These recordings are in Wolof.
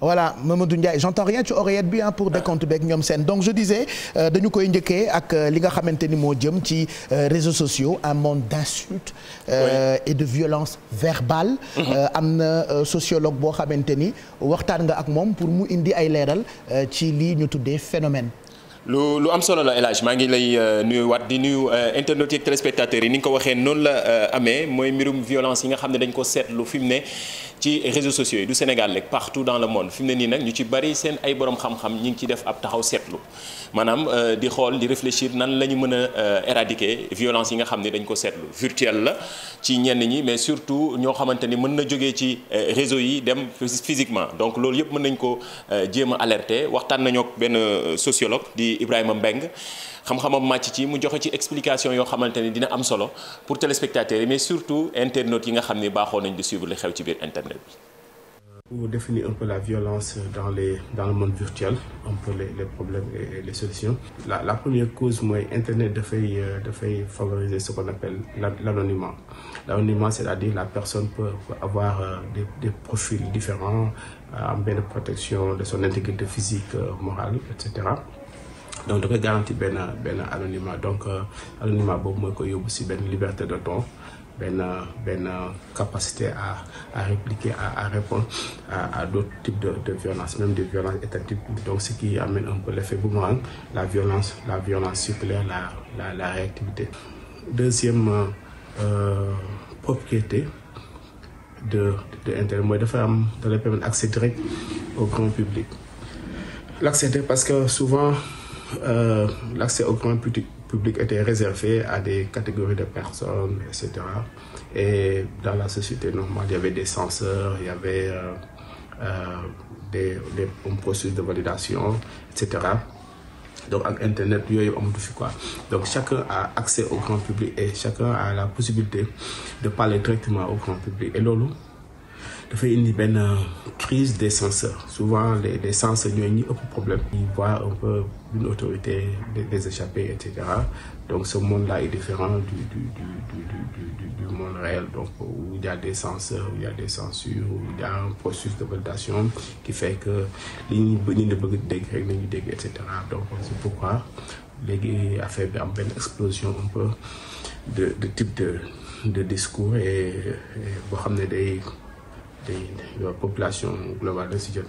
voilà Mamadou Ndiaye j'entends rien ci oreillette bi pour ah. décompte beeg ñoom seen donc je disais euh, dañu koy njëkkee ak euh, li nga xamante ni moo jëm ci euh, réseaux sociaux un monde d'insultes euh, oui. et de violence verbale mhm. am na sociologue boo xamante ni waxtaan nga ak moom pour mu indi ay leeral ci lii ñu tuddee phénomène lu lu am solo la élage maa ngi lay euh, nuyuwaat di nuyu euh, internautes yeeg téléspectateurs yi ni nga ko waxee noonu la euh, amee mooy mbirum violence yi nga xam ne dañ ko seetlu fi mu ne ci réseaux sociaux yi du Sénégal rek partout dans le monde fi mu ne nii nag ñu ci bari seen ay borom xam-xam ñi ngi ci def ab taxaw seetlu maanaam euh, di xool di réfléchir nan la ñu mën a euh, éradiquer violence yi nga xam ne dañ ko seetlu virtuel la ci ñenn ñi mais surtout ñoo xamante ni mën na jógee ci euh, réseau yi dem physiquement donc loolu yëpp mën nañ ko jéem a alerter waxtaan nañoo benn sociologue di Ibrahima Mbeng xam-xamam màcc ci mu joxe ci explication yoo xamante ni dina am solo pour téléspectateurs yi mais surtout internautes yi nga xam ni baaxoo nañ di suivre li xew ci biir internet bi. pour définir un peu la violence dans les dans le monde virtuel un peu les les problèmes et les solutions la la première cause mooy internet dafay euh, dafay favoriser ce qu'on appelle l'anonymat l'anonymat c'est-à-dire la personne peut avoir euh, des des profils différents euh, am benn protection de son intégrité physique et cetera donc dafay garanti benn benn anonymat donc euh, anonymat boobu mooy ko yóbbu si benn liberté de ton benn benn capacité à à répliquer à à répondre à à d'autres types de de violences même des violences étatiques donc ce qui amène un peu l'effet boomerang la la violence circulaire la la la réactivité. deuxième euh, euh, propriété de de mooy dafay am da lay permettre accès direct au grand public l'accès direct parce que souvent. euh, l'accès au grand public était réservé à des catégories de personnes, etc. Et dans la société normale, il y avait des censeurs, il avait euh, euh, des, des, un de validation, etc. Donc, avec Internet, il y a eu quoi. Donc, chacun a accès au grand public et chacun a la possibilité de parler directement au grand public. Et lolo, dafay indi benn euh, crise des censeurs souvent les les censeurs ñooy ñi ëpp problème. ils voient un peu une autorité des échappés et donc ce monde là est différent du donc où il y a des censeurs où il y a des censures où ñu bëgg dégg rek nañu dégg et cetera donc affaire bi am benn explosion un de type de discours et boo xam ne day. te population globale da si jot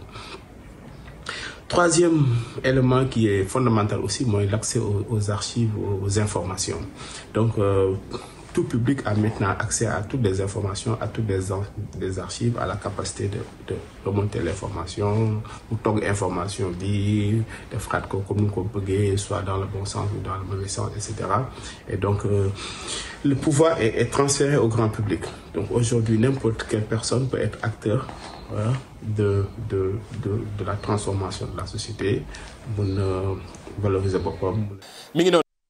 troisième élément qui est fondamental aussi mooy l'accès aux archives aux informations donc euh, tout public a maintenant accès à toutes les informations, à toutes les, archives, à la capacité de, de remonter l'information, ou tog information bi, de frères comme nous comprenons, soit dans le bon sens ou dans le mauvais sens, etc. Et donc, euh, le pouvoir est, est, transféré au grand public. Donc aujourd'hui, n'importe quelle personne peut être acteur de, la transformation de la société. Pour valoriser beaucoup.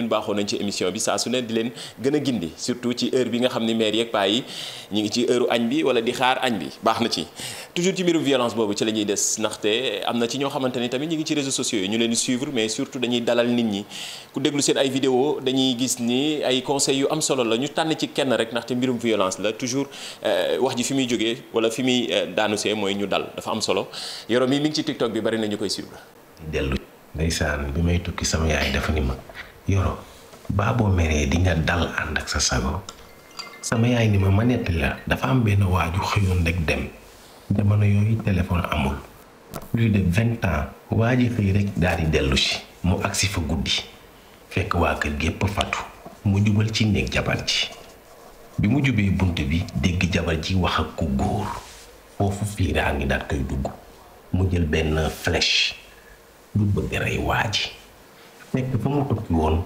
ñun baaxoo nañ ci émission bi saa su ne di leen gën a gindi surtout ci heure bi nga xam ne maire yeeg paa yi ñu ngi ci heure añ bi wala di xaar añ bi baax na ci toujours ci mbirum violence boobu ci la ñuy des ndaxte am na ci ñoo xamante ni tamit ñu ngi ci réseaux sociaux yi ñu leen di suivre mais surtout dañuy dalal nit ñi ku déglu seen ay vidéo dañuy gis ni ay conseils yu am solo la ñu tànn ci kenn rek ndaxte mbirum violence la toujours euh, wax ji fi muy jógee wala fi muy euh, daanu see mooy ñu dal dafa am solo yoro mi mi ngi ci TikTok bi bari na koy suivre. yoro baa boo meree di nga dal ànd ak sa sago sama yaay ni ma ma nettali la dafa am benn waaju xëyoon rek dem jamono yooyu téléphone amul plus de vingt ans waa ji xëy rek daal di dellusi si mu agsi fa guddi fekk waa kër gépp fatu mu jubal ci néeg jabar ji bi mu jubee bunt bi dégg jabar ji wax ak ko góor foofu fiiraa ngi daal koy dugg mu jël benn flèche lu bëgg rey waa fekk fa mu tukki woon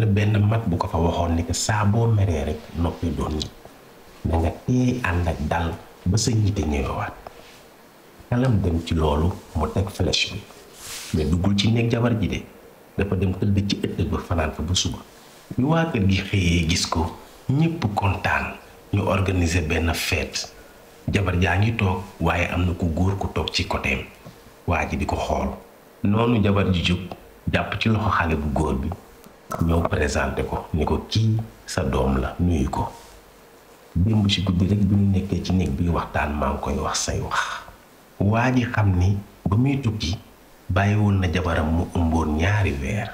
la benn mag bu ko fa waxoon ni que saaboo boo meree rek noppi doon ñi da nga ànd ak dal ba sa njiite ñëwewaat xelam dem ci loolu mu teg flèche bi mais duggul ci néeg jabar ji de dafa dem tëdd ci ëtt ba fanaan fa ba suba bi waa kër gi xëyee gis ko ñépp kontaan ñu organise benn feet jabar jaa ngi toog waaye am na ku góor ku toog ci côtéem waa ji di ko xool noonu jabar ji jóg jàpp ci loxo xale bu góor bi ñëw présenté ko ni ko kii sa doom la nuyu ko démb ci guddi rek bi ñu nekkee ci néeg bi waxtaan maa ngi koy wax say wax waa ji xam ni ba muy tukki bàyyiwul na jabaram mu ëmboon ñaari weer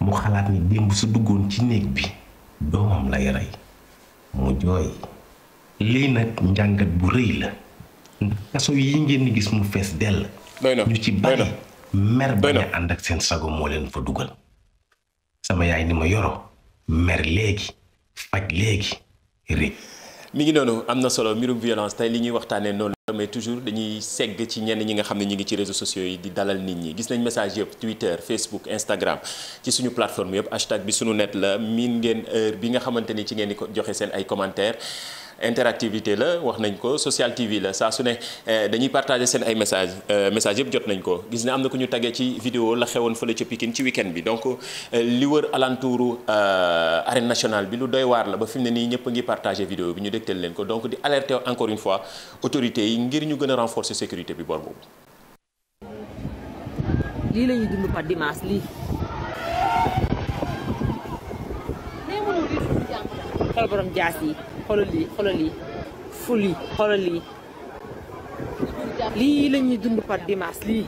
mu xalaat ni démb su duggoon ci néeg bi doomam lay rey mu jooy lii nag njàngat bu rëy la ndax kaso yi ngeen gis mu fees dell ñu ci mer bañ a ànd ak seen sago moo leen fa dugal sama yaay ni ma yoro mer léegi faj léegi ré mi ngi noonu am na solo mbirum violence tey li ñuy waxtaanee noonu la mais toujours dañuy segg ci ñenn ñi nga xam ne ñu ngi ci réseaux sociaux yi di dalal nit ñi gis nañ message yëpp Twitter Facebook Instagram ci suñu plateforme yëpp hashtag bi suñu net la miin ngeen heure bi nga xamante ni ci ngeen di ko joxe seen ay commentaires interactivité la wax nañ ko social TV la saa su ne eh, dañuy partager seen ay message eh, message yëpp jot nañ ko gis ne am na ko ñu tagee ci vidéo la xewoon fële ca Pikine ci week bi donc eh, li wër alentouru arène national bi lu doy waar la ba fi mu ne nii ñëpp a ngi partager vidéo bi ñu dégtal leen ko donc di alerter encore une fois autorité yi ngir ñu gën a renforcer sécurité bi bor boobu. xoolal lii xoolal lii ful yi xoolal lii lii lañuy dund par dimanche lii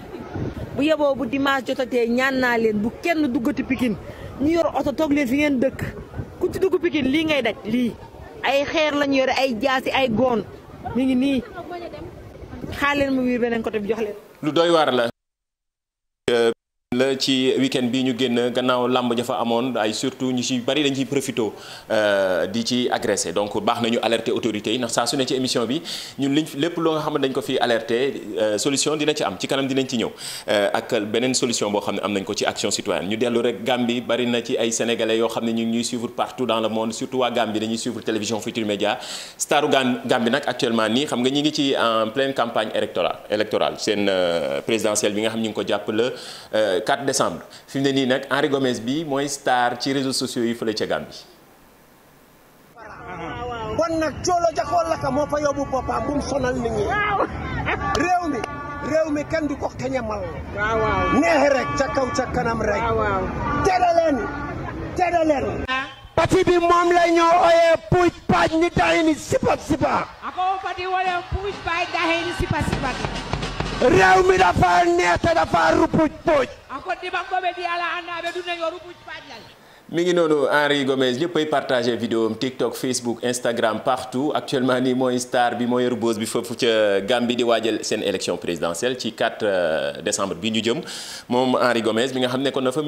bu yeboo bu dimanche jotatee ñaan naa leen bu kenn duggati pikin ñu yor oto toog leen fi ngeen dëkk ku ci dugg pikin lii ngay daj lii ay xeer lañu yore ay jaasi ay goon mu ngi nii xaar leen mu wiir beneen côté bi jox leen lu doy waar la ci week-end bi ñu génn gannaaw làmb jafa amoon ay surtout ñu ci bari dañ profito euh, di ci agressé donc baax nañu alerter autorités yi ndax saa su ne ci émission bi ñun liñ lépp loo nga xam ne dañ ko fi alerter euh, solution dina ci am ci kanam dinañ ci ñëw euh, ak beneen solution boo xam ne am nañ ko ci action citoyenne ñu dellu rek Gambie bari ci ay sénégalais yoo xam ne ñu ngi ñuy suivre partout dans le monde surtout waa Gambie nag actuellement nii xam nga ñi ñu ngi ko jàpp le 4 4 décembre fi mu nii nag Henri Gomes bi mooy star ci réseaux sociaux yi fële ca Gambie. kon nag coolo jakoo laka moo fa yóbbu boppam bu mu sonal nit ñi réew mi réew mi kenn du ko kañamal neexe rek ca kaw ca kanam rek tera leen tera leen pati bi moom la ñoo puuj paaj ni daxini sipat sipa réew mi dafa neex te dafa rupuj puuj. encore dimanche boobu di ala ànd ak du ne yow rupuj paaj lal. mi ngi noonu Henri Gomez ñëpp ay partagé vidéo am TikTok Facebook Instagram partout actuellement nii mooy star bi moo yor buzz bi foofu ca Gambie di waajal seen élection présidentielle ci 4 euh, décembre bi moom Henri Gomez mi nga xam nekkoon na fa so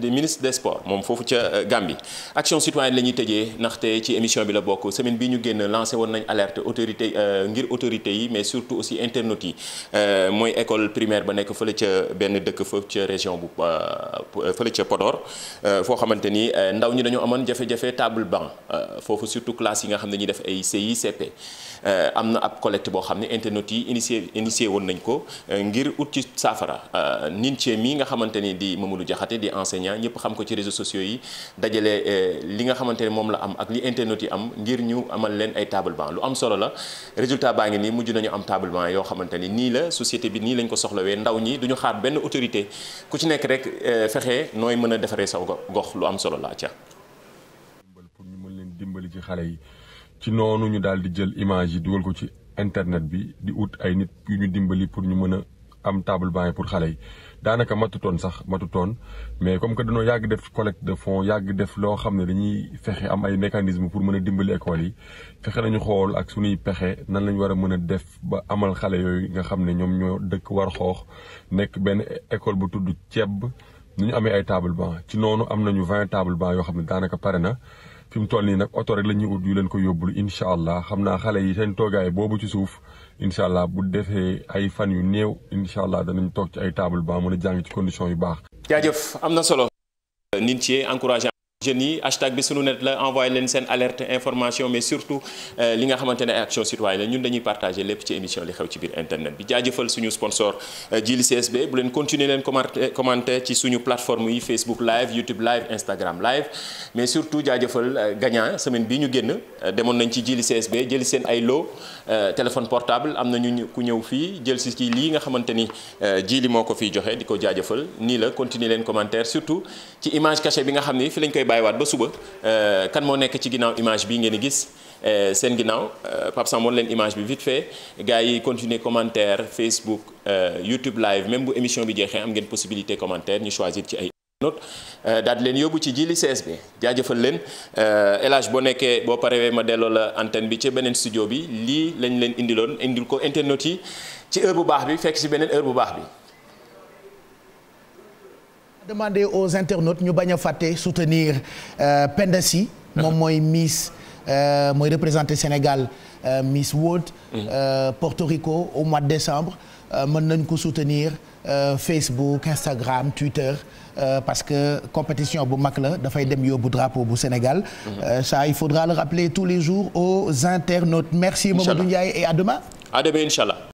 ministre des sports moom foofu ca euh, Gambie. action citoyenne la tëjee ndaxte ci émission bi la bokk semaine bi ñu génn lancé woon nañ alerte autorité euh, ngir autorité yi mais surtout aussi internet yi mooy école primaire ba nekk fële ca benn dëkk foofu ca région bu fële ca Podor foo xamante ni eh, ndaw ñi dañoo amoon jafe-jafe table banc eh, foofu surtout classe yi nga xam ne ñuy def ay CI CP Euh, am na ak collecte boo xam ne internet yi initié initié woon nañ ko euh, ngir ut ci saafara euh, Ninthié mii nga xamante ni di Mamadou Diakhaté di enseignant ñëpp xam ko ci réseaux sociaux yi dajale li nga xamante ni moom la am ak li internet yi am ngir ñu amal leen ay table banc lu am solo la résultat baa ngi nii mujj nañu am table banc yoo xamante ni nii la société bi nii lañ ko soxlawee ndaw ñi duñu xaar benn autorité ku ci nekk rek fexe nooy mën a defaree saw gox lu am solo la ca. pour mën leen dimbali ci xale yi. ci noonu ñu daal di jël image yi dugal ko ci internet bi di wut ay nit yu ñu dimbali pour ñu mën a am table banc pour xale yi daanaka matutoon sax matutoon mais comme que dañoo yàgg def collecte de fonds yàgg def loo xam ne dañuy fexe am ay mécanisme pour mën a dimbali école yi fexe nañu xool ak suñuy pexe nan lañu war a mën a def ba amal xale yooyu nga xam ne ñoom ñoo dëkk war xoox nekk benn école bu tudd ceeb nu ñu amee ay table banc ci noonu am nañu vingt table yoo xam ne daanaka pare na fi mu toll nii nag oto rek la ut yu leen ko yóbbul incha allah xam naa xale yi seen toogaay boobu ci suuf incha allah bu defee ay fan yu néew incha allah danañ toog ci ay table ba mën a jàng ci condition yu baax. jaajëf am na solo. nit ci encouragé jeunes yi hashtag bi sunu net la envoyé leen seen alerte information mais surtout euh, li nga xamante action citoyenne la ñun dañuy partagé lépp ci émission li xew ci biir internet bi jaajëfal suñu sponsor euh, Jili CSB bu leen continuer leen commenter ci suñu plateforme yi Facebook live YouTube live Instagram live mais surtout jaajëfal euh, gagnant semaine bi ñu génn demoon nañ ci Jili CSB jël seen ay lot téléphone am na ñu ku ñëw fii jël si ci lii nga xamante ni Jili moo ko fiy joxe di ko jaajëfal nii la continuer leen commentaire surtout bàyyiwaat ba suba euh, kan moo nekk ci ginnaaw image bi ngeen di gis euh, seen ginnaaw euh, Pape Sam woon leen image bi vite fait gars yi continuer commentaire Facebook YouTube live même bu émission bi jeexee am ngeen possibilité commentaire ñu choisir ci ay not daal leen yóbbu ci jili CSB jaajëfal leen El Hadj boo nekkee boo paree ma delloo la antenne bi ci beneen studio bi lii lañ leen indiloon indil ko internet yi ci heure bu baax bi fekk ci beneen heure bu baax bi demande aux internautes ñu bañ a fàtte soutenir euh, Penda Sy moom mooy Miss euh, mooy représenter Sénégal euh, Miss World mhm. Porto Rico au mois de décembre mën nañ ko soutenir Facebook Instagram Twitter parce que compétition bu mag la dafay dem yóbbu drapeau bu Sénégal mhm. ça il faudra le rappeler tous les jours aux internautes merci Mamadou Ndiaye et à demain à demain inchallah